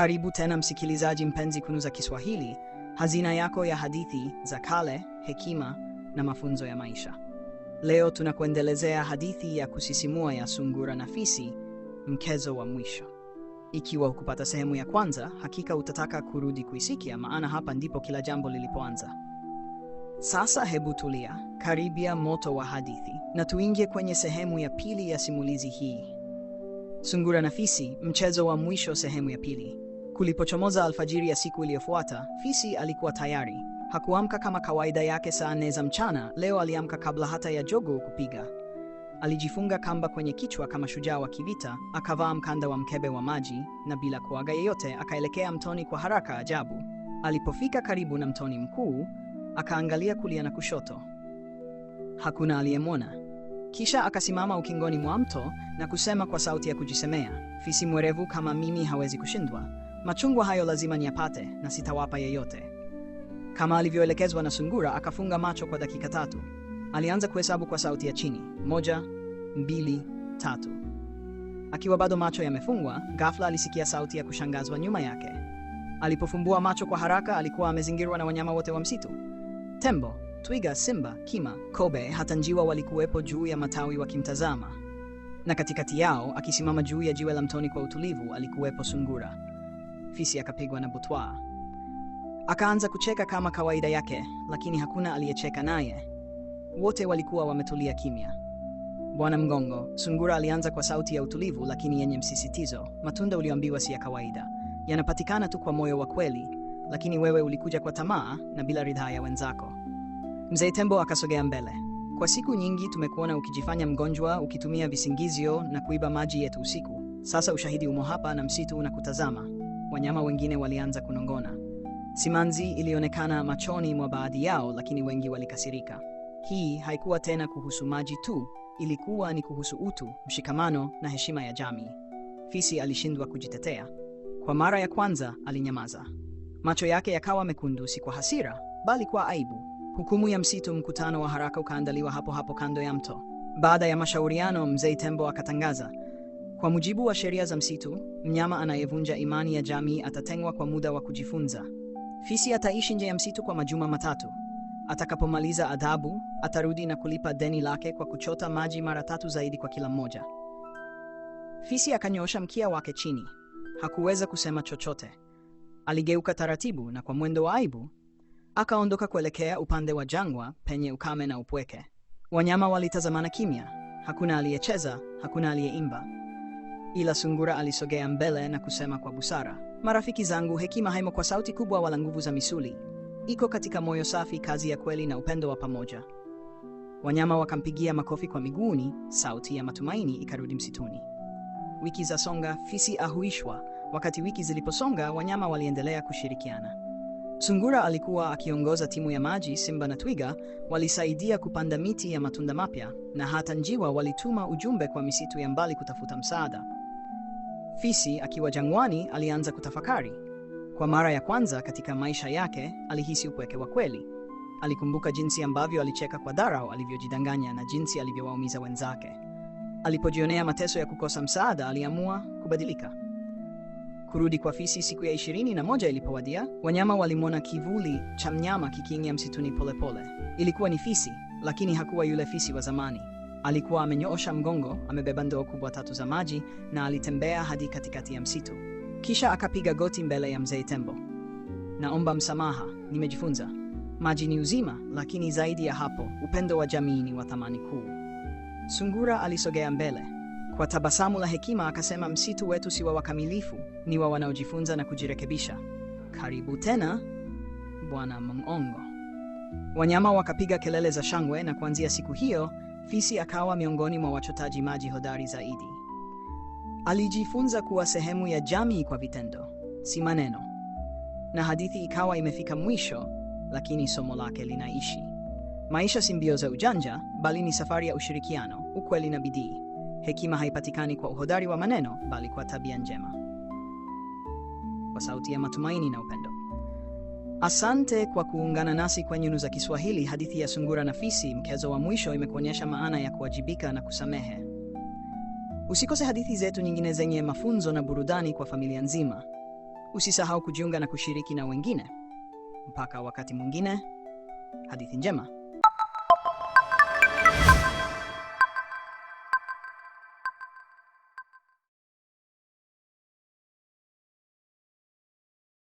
Karibu tena msikilizaji mpenzi, Tunu za Kiswahili, hazina yako ya hadithi za kale, hekima na mafunzo ya maisha. Leo tunakuendelezea hadithi ya kusisimua ya Sungura na Fisi, mchezo wa mwisho. Ikiwa hukupata sehemu ya kwanza, hakika utataka kurudi kuisikia, maana hapa ndipo kila jambo lilipoanza. Sasa hebu tulia, karibia moto wa hadithi na tuingie kwenye sehemu ya pili ya simulizi hii, Sungura na Fisi, mchezo wa mwisho, sehemu ya pili. Kulipochomoza alfajiri ya siku iliyofuata, fisi alikuwa tayari. Hakuamka kama kawaida yake saa nne za mchana. Leo aliamka kabla hata ya jogo kupiga. Alijifunga kamba kwenye kichwa kama shujaa wa kivita, akavaa mkanda wa mkebe wa maji, na bila kuaga yeyote akaelekea mtoni kwa haraka ajabu. Alipofika karibu na mtoni mkuu, akaangalia kulia na kushoto, hakuna aliyemwona. Kisha akasimama ukingoni mwa mto na kusema kwa sauti ya kujisemea, fisi mwerevu kama mimi hawezi kushindwa. Machungwa hayo lazima niyapate na sitawapa yeyote. Kama alivyoelekezwa na sungura, akafunga macho kwa dakika tatu. Alianza kuhesabu kwa sauti ya chini, moja, mbili, tatu. Akiwa bado macho yamefungwa, ghafla alisikia sauti ya kushangazwa nyuma yake. Alipofumbua macho kwa haraka, alikuwa amezingirwa na wanyama wote wa msitu. Tembo, twiga, simba, kima, kobe, hata njiwa walikuwepo juu ya matawi wakimtazama, na katikati yao, akisimama juu ya jiwe la mtoni kwa utulivu, alikuwepo sungura. Fisi akapigwa na butwa. Akaanza kucheka kama kawaida yake, lakini hakuna aliyecheka naye. Wote walikuwa wametulia kimya. Bwana Mgongo, Sungura alianza kwa sauti ya utulivu lakini yenye msisitizo. Matunda ulioambiwa si ya kawaida, yanapatikana tu kwa moyo wa kweli, lakini wewe ulikuja kwa tamaa na bila ridhaa ya wenzako. Mzee Tembo akasogea mbele. Kwa siku nyingi tumekuona ukijifanya mgonjwa, ukitumia visingizio na kuiba maji yetu usiku. Sasa ushahidi umo hapa na msitu unakutazama wanyama wengine walianza kunong'ona. Simanzi ilionekana machoni mwa baadhi yao, lakini wengi walikasirika. Hii haikuwa tena kuhusu maji tu, ilikuwa ni kuhusu utu, mshikamano na heshima ya jamii. Fisi alishindwa kujitetea. Kwa mara ya kwanza alinyamaza. Macho yake yakawa mekundu, si kwa hasira, bali kwa aibu. Hukumu ya msitu. Mkutano wa haraka ukaandaliwa hapo hapo kando ya mto. Baada ya mashauriano, mzee tembo akatangaza kwa mujibu wa sheria za msitu, mnyama anayevunja imani ya jamii atatengwa kwa muda wa kujifunza. Fisi ataishi nje ya msitu kwa majuma matatu. Atakapomaliza adhabu, atarudi na kulipa deni lake kwa kuchota maji mara tatu zaidi kwa kila mmoja. Fisi akanyoosha mkia wake chini. Hakuweza kusema chochote. Aligeuka taratibu na kwa mwendo wa aibu akaondoka kuelekea upande wa jangwa penye ukame na upweke. Wanyama walitazamana kimya. Hakuna aliyecheza, hakuna aliyeimba. Ila sungura alisogea mbele na kusema kwa busara, marafiki zangu, hekima haimo kwa sauti kubwa wala nguvu za misuli, iko katika moyo safi, kazi ya kweli na upendo wa pamoja. Wanyama wakampigia makofi kwa miguuni, sauti ya matumaini ikarudi msituni. Wiki za songa, fisi ahuishwa. Wakati wiki ziliposonga, wanyama waliendelea kushirikiana. Sungura alikuwa akiongoza timu ya maji, simba na twiga walisaidia kupanda miti ya matunda mapya, na hata njiwa walituma ujumbe kwa misitu ya mbali kutafuta msaada. Fisi akiwa jangwani alianza kutafakari. Kwa mara ya kwanza katika maisha yake alihisi upweke wa kweli. Alikumbuka jinsi ambavyo alicheka kwa dharau, alivyojidanganya na jinsi alivyowaumiza wenzake. Alipojionea mateso ya kukosa msaada, aliamua kubadilika. Kurudi kwa Fisi. Siku ya ishirini na moja ilipowadia, wanyama walimwona kivuli cha mnyama kikiingia msituni polepole. Ilikuwa ni Fisi, lakini hakuwa yule Fisi wa zamani. Alikuwa amenyoosha mgongo, amebeba ndoo kubwa tatu za maji na alitembea hadi katikati ya msitu. Kisha akapiga goti mbele ya mzee tembo. Naomba msamaha, nimejifunza. Maji ni uzima, lakini zaidi ya hapo, upendo wa jamii ni wa thamani kuu. Sungura alisogea mbele. Kwa tabasamu la hekima akasema, msitu wetu si wa wakamilifu, ni wa wanaojifunza na kujirekebisha. Karibu tena, Bwana Mng'ongo. Wanyama wakapiga kelele za shangwe na kuanzia siku hiyo Fisi akawa miongoni mwa wachotaji maji hodari zaidi. Alijifunza kuwa sehemu ya jamii kwa vitendo, si maneno. Na hadithi ikawa imefika mwisho, lakini somo lake linaishi. Maisha si mbio za ujanja, bali ni safari ya ushirikiano, ukweli na bidii. Hekima haipatikani kwa uhodari wa maneno, bali kwa tabia njema, kwa sauti ya matumaini na upendo. Asante kwa kuungana nasi kwa nyunu za Kiswahili. Hadithi ya Sungura na Fisi, mchezo wa mwisho, imekuonyesha maana ya kuwajibika na kusamehe. Usikose hadithi zetu nyingine zenye mafunzo na burudani kwa familia nzima. Usisahau kujiunga na kushiriki na wengine. Mpaka wakati mwingine, hadithi njema.